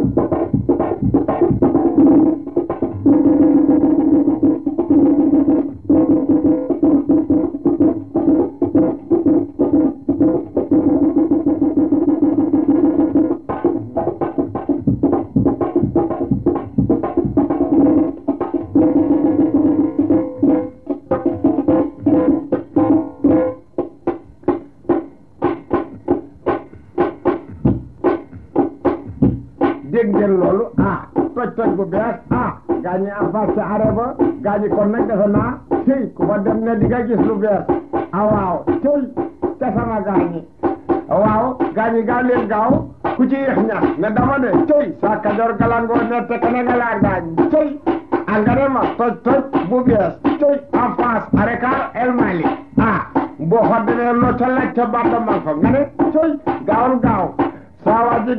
Thank you. dégg ngeen loolu ah toj toj bu bees ah gaa ñi avance ca arrêt ba gaa ñi kon nag defe naa tey ku fa dem ne gis lu bees ah waaw tey te sama gaa ñi waaw gaa ñi gaaw ku ci yéex ñaar ne dama ne tey saa kajoor galangoo ne te kana nga laa gaañ tey ma toj toj bu bees tey avance arrêt car El Mali ah boo xam ne loo ca laaj ca bàtt man fa nga ne tey gaawul gaaw saa waa ji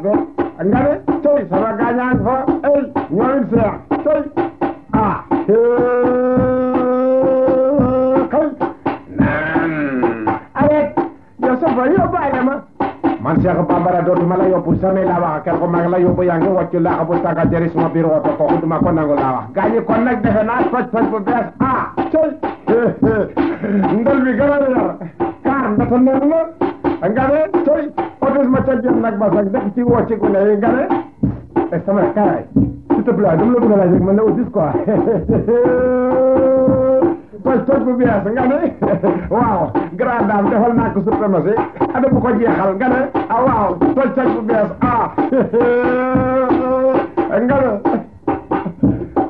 ɓe anndare toy sona gañani fa ey ñoyin seeha toy a kay arrête yo sofa yo baɗama man cheikh bambara dootuma la yóbbu jamais laa wax kel ko mag la yóbbu yaa ngi wàccu laaxa bu tàgga jëri suma biir woto ko xuduma ko nangu laa wax gaañi kon nag defe naa toj toj bu bees ah coy ndel bi gën a yar kaar ndata nar na nga ne coy gis ma ca jëm nag ba sax def ci woo ci gune yi nga ne et eh, sama karaay s'il te la bëgg a laaj rek man la aussi quoi poj poj bu bees nga ne waaw grand dame defal naa ko suprématie ada bu ko jeexal nga ne ah waaw poj poj bu bees ah nga ne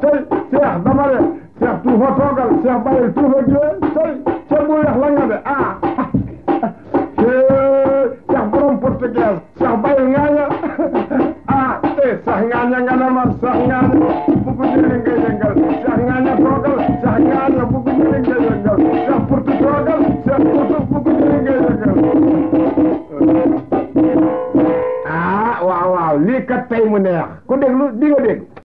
tey Cheikh dama ne Cheikh tuufa toogal Cheikh bàyyil tuufa jëlee tey Cheikh bu weex nga ne ah teew sax bàyyi ngaaña ah eh sax ngaaña nga ne ma sax ngaaña bugu jëri nga yëngal sax ngaaña toogal sax ngaaña bugu jëri nga yëngal sax purtu toogal sax purtu bugu jëri nga yëngal ah waaw waaw lii kat tey mu neex ku déglu di nga dégg